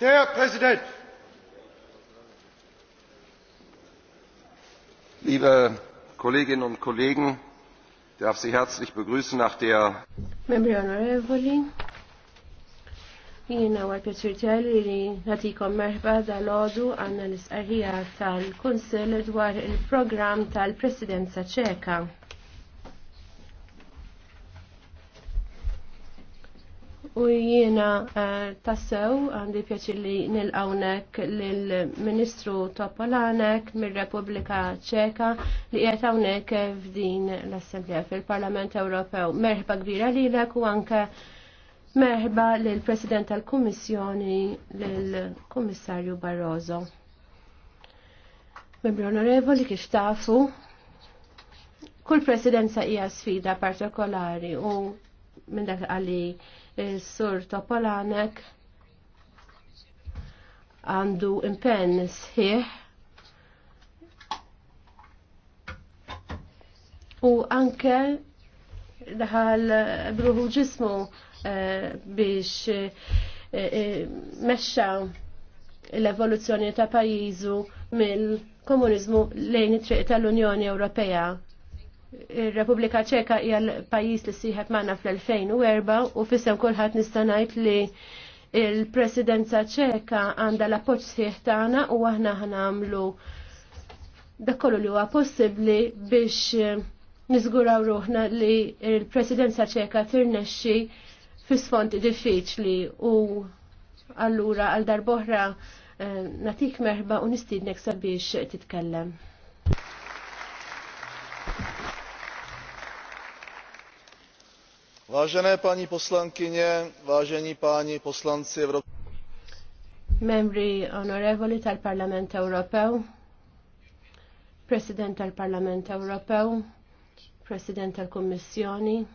Der Präsident! Liebe Kolleginnen und Kollegen, ich darf Sie herzlich begrüßen nach der Membri onorevoli, għal pjaċir li merħba dal l tal dwar il tal-Presidenza ċeka. U jiena eh, tassew għandi pjaċi li nil-għawnek lill-Ministru Topolanek mir-Repubblika Ċeka li qiegħed hawnhekk f'din l-Assemblea fil-Parlament Ewropew. Merħba kbira lilek u anke merħba lill President tal-Kummissjoni lill-Kummissarju Barroso. Membri onorevoli kif tafu, kull presidenza hija sfida partikolari u minn dak għalli eh, sur Topolanek għandu impenn sħiħ u anke daħal bruħu ġismu eh, biex eh, mexxa l-evoluzzjoni ta' pajizu mill-komunizmu lejn it-triq tal-Unjoni Ewropea Ir-Repubblika Ċeka hija l-pajjiż li sieħet magħna fl-2004 u fissem kulħadd nista' ngħid li il-Presidenza Ċeka għandha l-appoġġ sieħ tagħna u aħna ħnamlu dak kollu li huwa possibbli biex niżguraw ruħna li il-Presidenza Ċeka tirnexxi fi sfonti diffiċli u allura għal darboħra eh, natik merħba u nistidnek sabiex titkellem. vážené paní poslankyně vážení páni poslanci Membri onorevoli tal-Parlament President tal-Parlament Ewropew, President tal-Kommissjoni,